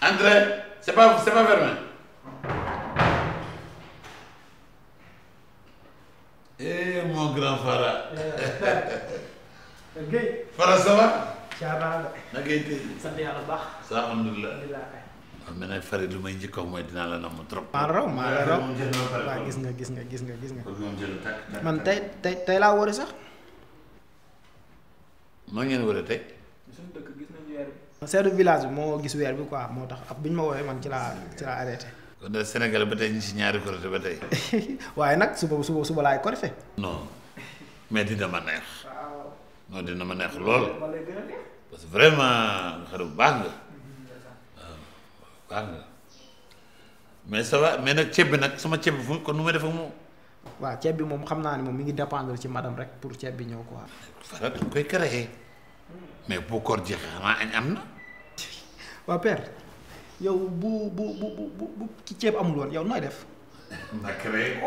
André c'est pas c'est pas Vermin eh, mon grand Fara. Guèye. Fara ça alhamdulilah. am na lu may njëkk a mooy dinaa la namm trop. maa raw maa la raw waaw gis nga gis nga gis nga gis nga. man tey tey tey laa wóore sax. maa ngeen wóore tey. seetu village bi moo gis weer bi quoi moo tax ab bi ñu ma woowee man ci laa ci laa arrêté. kon de Sénégal ba tey ñu si ñaari korite ba tey. waaye nag suba suba suba laay korite. non mais dina ma neex. non dina ma neex vraiment xaru baax nga. waaw baax nga mais ça bi nag sama ceeb bi kon nu may def ak moom. waaw ceeb bi moom xam naa ne moom mi ngi dépendre ci madame rek pour ceeb bi ñëw quoi. farat koy créé. mais bu koor jeexee xanaa añ am na. waa père yow bu bu bu bu bu ceeb amul woon yow nooy def. nakaaree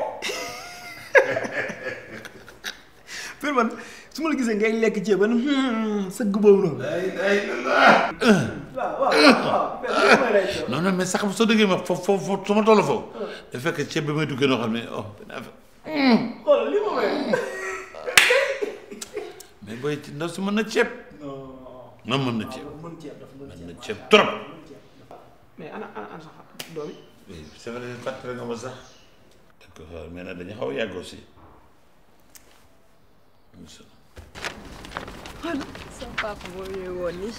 man su ma la gisee ngay lekk ceeb ba ni hmm, sëgg boobu noonu. waaw waaw waaw. mais sax soo déggee ma foofu foofu su ma toll foofu. dafa fekk ceeb bi may duggee noo xam ne oh. xoolal li mu mais booy ndaw si mën na ceeb. moom mën na ceeb mën na ceeb trop. mais ana ana sax doom yi. c'est vrai fàttali nga ma sax. d'accord mais nag xaw a yàgg aussi. sa woon nii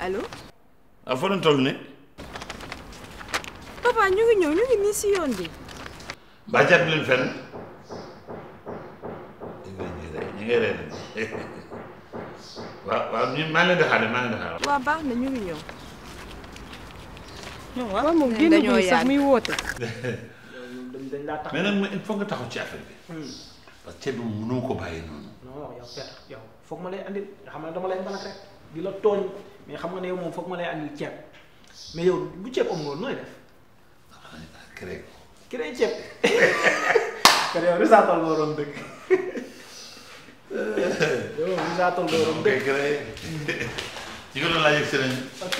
allo. ah fa doon papa ñu ngi ñëw ñu ngi nii si yoon bi. bàjjaat bi ñu ngi rey ñu ngi rey waaw waaw ñu maa leen di xaar maa leen di xaar. waaw baax na ñu ngi ñëw. ñoom waaw moom génn sax muy woote. mais nag il faut nga taxaw ci affaire bi. parce que ceeb bi mënoo ko bàyyi noonu. non yow Père yow foog ma lay andil nga xam ne dama lay mbalak rek di la tooñ mais xam nga ne yow moom foog ma lay andil ceeb mais yow bu ceeb amul woon nooy def. Ah, créé ko. créé ceeb. kon yow risaatal moo doon dëgg. daa toll loolu. ok jërëjëf. ñu ngi doon laaj ak sëriñ. ok.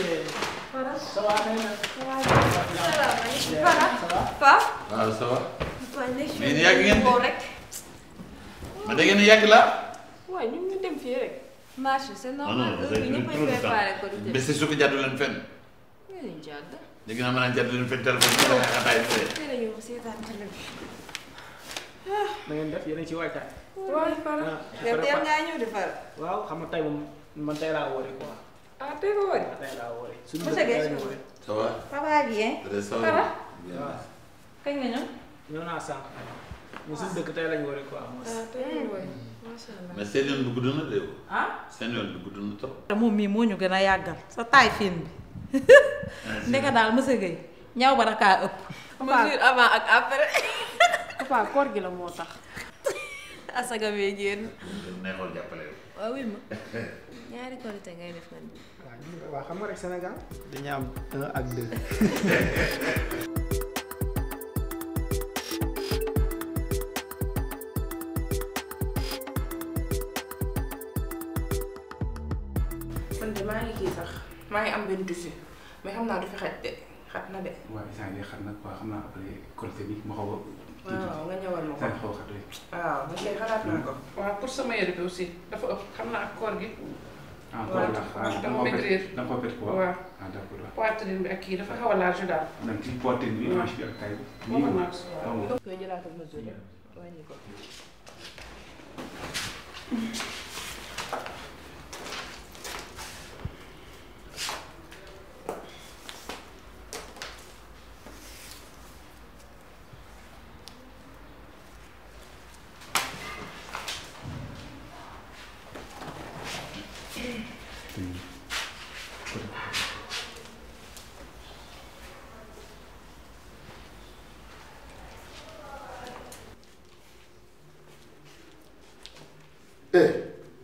ça va. salaamaaleykum. Paa. waaw ça va. mais ni yàgg ngeen rek. ma da ngeen yàgg la. waaw ñu ngi dem fii rek. marché c'est normal heure bi ñëpp a préparé ko. mais c'est sûr que jàddu leen fenn. nga leen jàdd. léegi nag ma naan jàddu leen fenn téléphone bi nga xam ne xataa yi. na ngeen def yéen a ci waajtaay. waaw Fara yow teel ngaa ñëw di Fara. waaw xam nga tey moom man tey laa wóoree quoi. ah tey nga wóoree. tey lañ wóoree na léegi. te moom mii moo ñu gën a yàggal sa taay fiin bi. ndeka daal monsieur Guèye ñaw ba dakaa ëpp. mesure avant ak après. papa koor gi la moo tax. asaga bee génn. neexoon jàppale waaw oui ma ñaari korité ngay def man. waaw waaw xam nga rek Sénégal dañu am un ak deux. man de maa ngi kii sax maa ngi am benn tissu mais xam naa du fi xaj de xat na de. waaw saa yi xat na quoi xam naa après korité bi ma xaw a. waaw nga ñëwal ma ko waaw man ko. dafa ëpp xam naa koor gi. ah koor la waaw dama maigrir da nga ko pet quoi waaw ah d'accord bi ak kii dafa xaw a large daal. donc ci poitrine bi manche bi ak taille bi. ko.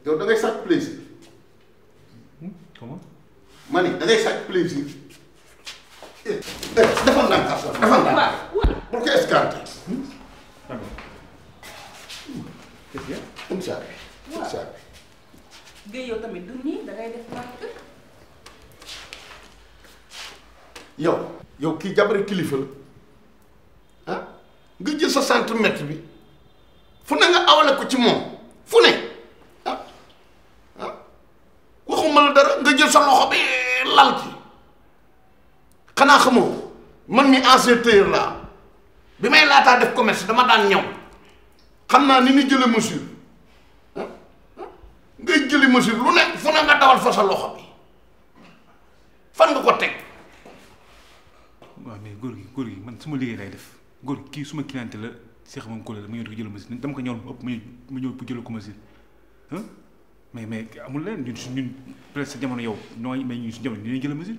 yow da ngay sàcc plaisir. Hmm? comment. ma ni da ngay sàcc plaisir. defal naa ko defal naa ko. waaw waaw pour que escarté. liggéey yow tamit du nii da yow yow kii jabare kilifa la ah, nga jël sa centimètre bi fu ne nga awale ko ci moom fu ne ah ah waxuma la dara nga jël sa loxo bi lal ci xanaa xamoo man mi ancien tailleur laa bi may laataa def commerce dama daan ñëw xam naa ni ñu jële mesure mesure lu nekk fu ne nga dawal fa sa gi góor gi man su ma liggéey def góor kii suma cliente la Cheikh moom Kole la ma ñëw di ko jël ko ñëw ëpp ma ñëw ma ñëw jël ko mais mais amul leen ñun ñun peut-être sa jamono yow nooy mais ñun suñu jamono dinañ jël mesure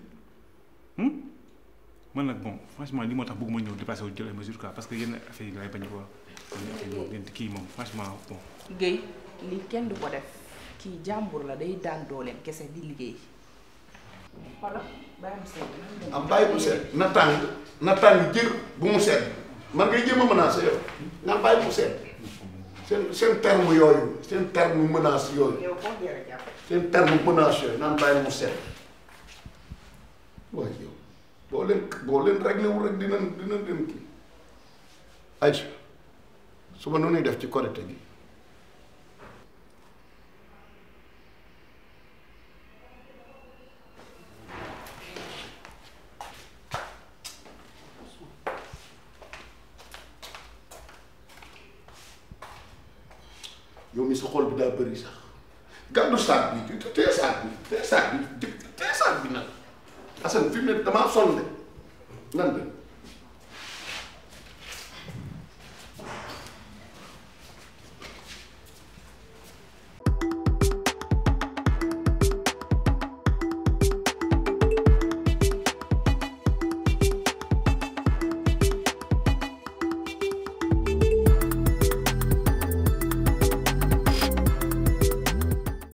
man nag bon franchement li moo tax bëgguma ñëw dépassé wu jël ay mesure quoi parce que yenn affaire yi lay bañ quoi yenn affaire yi moom kii moom franchement bon. Guèye lii kenn du ko def. kii jàmbur la day daan dooleem kese di liggéey. voilà am bàyyi mu sedd ah, na tàng na bu mu sedd man ngay jéem a menace yow nga bàyyi mu sedd seen seen terme yooyu seen terme yooyu seen terme yooyu naan bàyyi mu sedd boo leen boo leen réglé wul rek dinañ dinañ leen kii. ayca suba nu ñuy def ci korite gi. que xool bi daa bëri sax gàddu saak bi téye saak bi téye saak bi téye saak bi nag Assane fi mu ne damaa sonn de nan la.